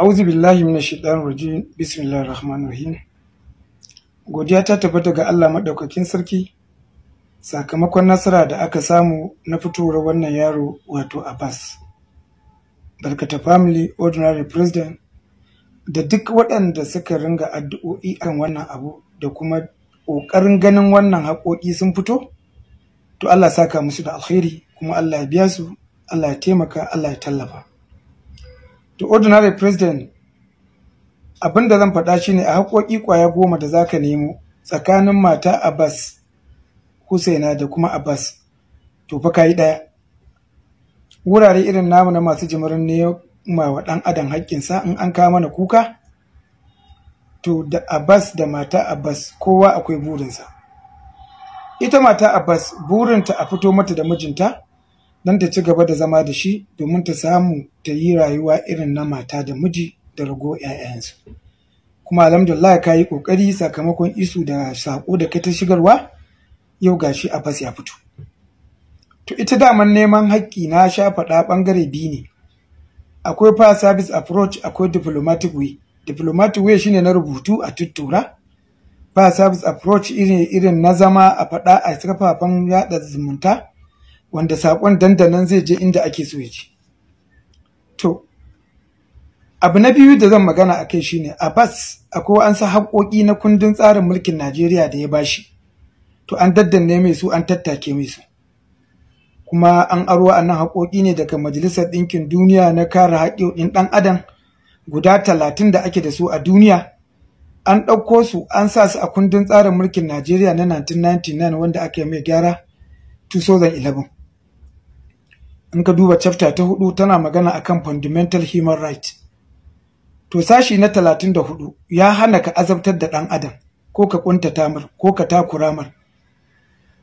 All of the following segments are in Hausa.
auzu billahi min shaitanir rajim bismillahir rahmanir rahim godiya ta tabbata daga Allah maɗaukakin sarki sakamakon nasara da aka samu na fitowar wannan yaro wato Abbas barkata family ordinary president da duk waɗanda suka ringa addu'o'i kan wannan abu da kuma ƙoƙarin ganin wannan haƙoƙi sun fito to Allah saka musu da alkhairi kuma Allah ya biya su Allah ya taimaka Allah ya tallafa to ordinary president abin da zan faɗa shine a haƙoƙi ƙwaya goma da zaka nemo tsakanin mata abbas husaina da kuma abbas to fa yi ɗaya wurare irin namu na masu jimirin ne ma wa ɗan adam haƙƙinsa in an kawo mana kuka to da abbas da mata abbas kowa akwai burinsa ita mata a Bas burinta a fito mata da mijinta don ta ci gaba da zama da shi domin ta samu ta yi rayuwa irin na mata da miji da rago 'ya'yansu. Kuma alhamdulillah ka yi ƙoƙari sakamakon isu da saƙo da kai ta shigarwa yau ga shi a fas ya fito. To ita daman neman haƙƙi na sha faɗa ɓangare biyu ne. Akwai fa service approach akwai diplomatic way. Diplomatic way shine na rubutu a tuttura. Fa service approach irin irin na zama a faɗa a kafafen yaɗa zumunta. wanda saƙon dandanan zai je inda ake so ya je to abu na biyu da zan magana a kai shine a bas akwai an sa haƙoƙi na kundin tsarin mulkin najeriya da ya bashi to an daddanne mai su an tattake mai su kuma an aro a nan haƙoƙi ne daga majalisar ɗinkin duniya na kare haƙƙoƙin ɗan adam guda talatin da ake da su a duniya an ɗauko su an sa su a kundin tsarin mulkin najeriya na 1999 wanda aka yi mai gyara 2011 in ka duba chapter ta hudu tana magana akan fundamental human right to sashi na 34 ya hana ka azabtar da dan adam ko ka kuntata mar ko ka takura mar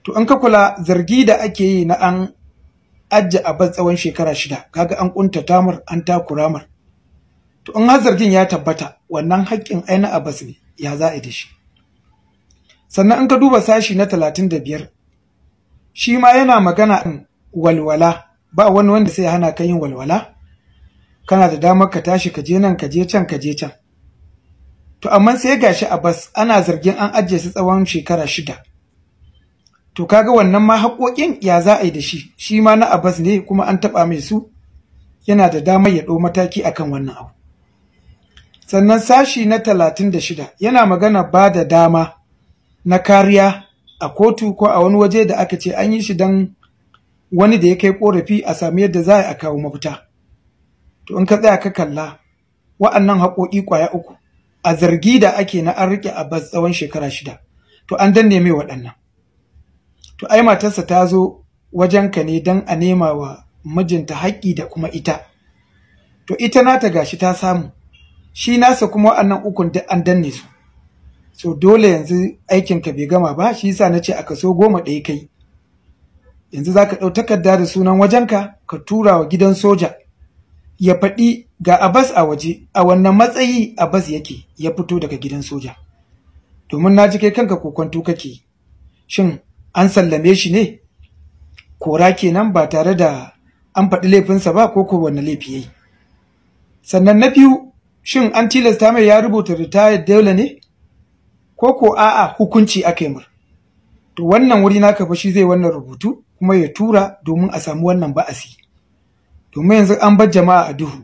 to in ka kula zargi da ake yi na an ajja a bar tsawon shekara shida kaga an kuntata mar an takura mar to in har zargin ya tabbata wannan haƙƙin aina abas ne ya za a shi sannan in ka duba sashi na 35 shi ma yana magana walwala ba wani wanda sai hana ka yin walwala kana da damar ka tashi ka je nan ka je can ka je can to amma sai gashi a bas ana zargin an ajiye su tsawon shekara shida to kaga wannan ma haƙoƙin ya za a yi da shi shi ma na abbas ne kuma an taɓa mai su yana da damar ya ɗau mataki akan wannan abu sannan sashi na talatin da shida yana magana ba da dama na kariya a kotu ko a wani waje da aka ce an yi shi don wani da ya kai korafi a sami yadda za a kawo mafita to in ka tsaya ka kalla wa'annan haƙoƙi ƙwaya uku a zargi da ake na an riƙe bas tsawon shekara shida to an danne mai waɗannan to ai matarsa ta zo wajenka ne don a nema wa mijinta haƙƙi da kuma ita to ita nata gashi ta samu shi nasa kuma wa'annan ukun da an danne su so dole yanzu aikinka bai gama ba shi yasa na ce a kaso goma ɗaya kai yanzu za ka ɗau takarda da sunan wajenka ka tura wa gidan soja ya faɗi ga Abbas a waje a wannan matsayi Abbas yake ya fito daga gidan soja domin na ji kai kanka kokonto kake shin an sallame shi ne kora kenan ba tare da an faɗi laifinsa ba ko ko wani laifi yayi sannan na biyu shin an tilasta mai ya rubuta ritayar dole ne ko ko a'a hukunci aka yi mur. to wannan wuri naka fa shi zai wannan rubutu kuma ya tura domin a samu wannan ba'asi domin yanzu an bar jama'a a duhu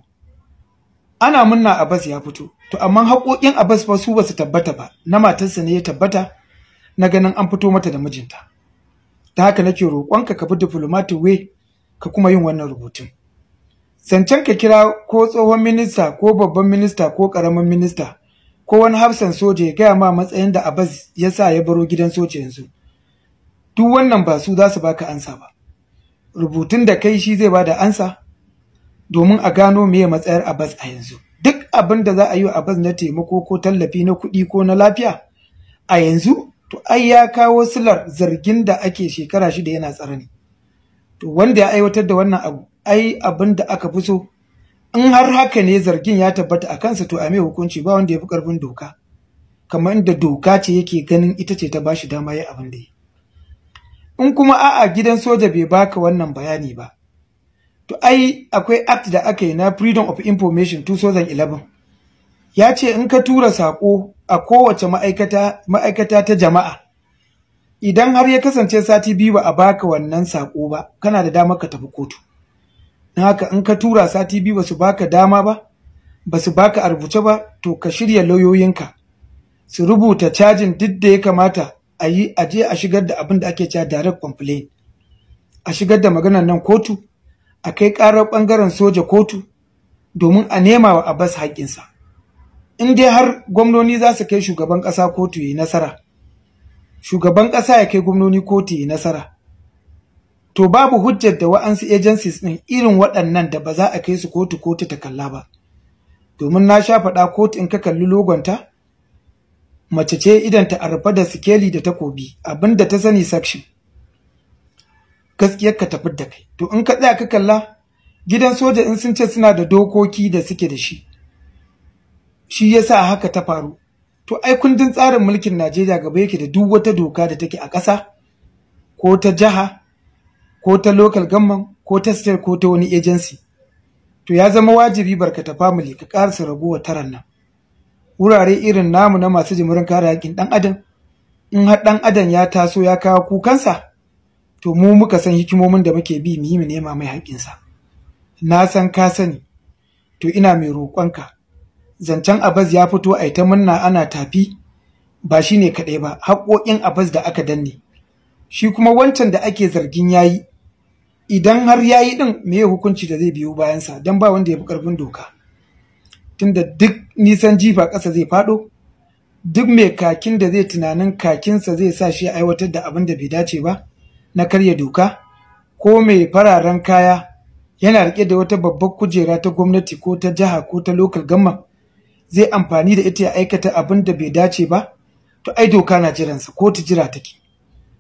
ana munna Abbas ya fito to amma haƙoƙin Abbas fa su basu tabbata ba na matarsa ne ya tabbata na ganin an fito mata da mijinta ta haka nake roƙonka ka bi diplomatic way ka kuma yin wannan rubutun zancen ka kira ko tsohon minista ko babban minista ko ƙaramin minista ko wani hafsan soja ya gaya ma matsayin da Abbas ya sa ya baro gidan soja yanzu duk wannan ba su za su baka ansa ba rubutun da kai shi zai bada ansa domin a gano meye matsayar a abas a yanzu duk abin da za a yi wa abas na taimako ko tallafi na kuɗi ko na lafiya a yanzu to ai ya kawo silar zargin da ake shekara shida yana tsarani to wanda ya aiwatar da wannan abu ai abin da aka fi so in har haka ne zargin ya tabbata a kansa to a mai hukunci ba wanda ya fi karfin doka kamar inda doka ce yake ganin ita ce ta bashi dama ya abin da yi in kuma a'a gidan soja bai baka wannan bayani ba to ai akwai act da aka yi na freedom of information 2011 ya ce in ka tura sako a kowace ma'aikata ma'aikata ta jama'a idan har ya kasance sati biyu ba a baka wannan sako ba kana da dama ka tafi kotu na haka in ka tura sati biyu ba su baka dama ba ba su baka a rubuce ba to ka shirya lauyoyinka su rubuta cajin duk da ya kamata a yi a je a shigar da abin da ake cewa direct complaint a shigar da maganar nan kotu a kai karar bangaren soja kotu domin a nema wa Abbas haƙƙinsa in dai har gwamnoni za su kai shugaban ƙasa kotu yi nasara shugaban ƙasa ya kai gwamnoni kotu yi nasara to babu hujjar da wa'ansu agencies din irin waɗannan da ba za a kai su kotu kotu ta kalla ba domin na sha faɗa kotu in ka kalli logonta mace ce idanta a rufe da sikeli da takobi abinda ta sani section gaskiyar ka tafi da kai to in ka tsaya ka kalla gidan soja in sun ce suna da dokoki da suke da shi shi yasa haka ta faru to ai kundin tsarin mulkin Najeriya gaba yake da duk wata doka da take a ƙasa ko ta jiha ko ta local government ko ta state ko ta wani agency to ya zama wajibi barkata family ka ƙarasa raguwa taran nan wurare irin namu na masu jimurin kare haƙƙin ɗan adam in har ɗan adam ya taso ya kawo kukansa to mu muka san hikimomin da muke bi mu yi mu nema mai haƙƙinsa na san ka sani to ina mai roƙonka zancen abaz ya fito a ita murna ana tafi ba shi ne kaɗai ba haƙoƙin abaz da aka danne shi kuma wancan da ake zargin ya yi. idan har ya yi ɗin me hukunci da zai biyo bayansa don ba wanda ya fi ƙarfin doka tunda duk nisan jifa ƙasa zai faɗo duk mai kakin da zai tunanin kakinsa zai sa shi aiwatar da abin da bai dace ba na karya doka ko mai fararen kaya yana rike da wata babbar kujera ta gwamnati ko ta jiha ko ta lokal gamma zai amfani da ita ya aikata abin da bai dace ba to ai doka na jiransa ko ta jira take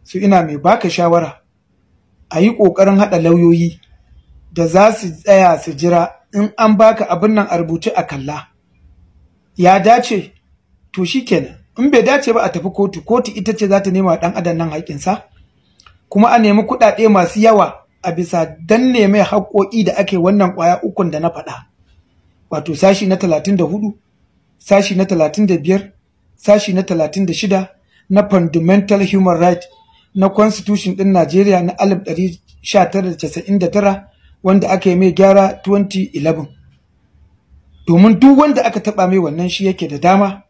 su ina mai baka shawara a yi ƙoƙarin haɗa lauyoyi da za su tsaya su jira in an baka abin nan a rubuce a kalla ya dace to shikenan in bai dace ba a tafi kotu kotu ita ce za ta nema dan adam nan haƙinsa kuma a nemi kuɗaɗe masu yawa a bisa dan neme haƙoƙi da ake wannan ƙwaya ukun da na faɗa wato sashi na talatin da hudu sashi na talatin da biyar sashi na talatin da shida na fundamental human right na constitution ɗin najeriya na alif ɗari sha tara da casa'in da tara wanda aka yi mai gyara 2011 domin duk wanda aka taba mai wannan shi yake da dama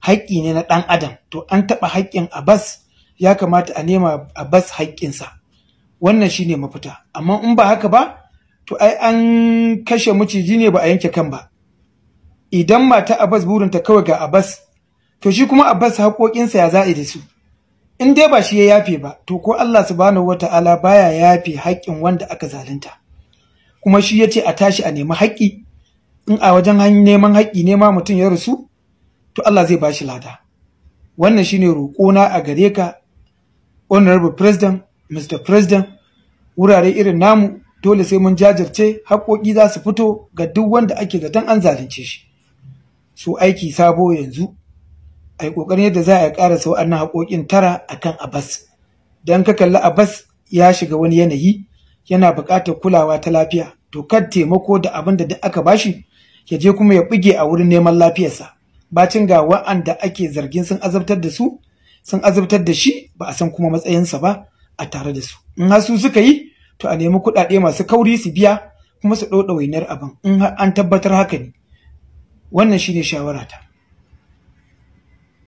haƙƙi ne na ɗan adam to an taɓa haƙƙin abbas ya kamata a nema bas haƙƙinsa wannan shi ne mafita amma in ba haka ba to ai an kashe maciji ne ba a yanke kan ba idan mata a abbas burinta kawai ga a bas, to shi kuma a abbas haƙoƙinsa ya za'i da su in dai ba shi ya yafe ba to ko allah subhanahu wataala baya yafe haƙƙin wanda aka zalunta kuma shi ya ce a tashi a nemi haƙƙi in a wajen neman haƙƙi nema mutum ya rusu, to Allah zai bashi lada wannan shine roƙo na a gare ka honorable president mr president wurare irin namu dole sai mun jajirce haƙoƙi za su fito ga duk wanda ake zaton an zalunce shi so aiki sabo yanzu a yi ƙoƙarin yadda za a ƙara sau annan haƙoƙin tara akan abas don ka kalli abas ya shiga wani yanayi yana buƙatar kulawa ta lafiya dokar taimako da abin da duk aka bashi ya je kuma ya buge a wurin neman lafiyarsa bacin ga wa'anda ake zargin sun azabtar da su sun azabtar da shi ba a san kuma matsayinsa ba a tare da su in har su suka yi to a nemi kuɗaɗe masu kauri su biya kuma su ɗauɗa wainar abin in an tabbatar haka ne wannan shine shawarata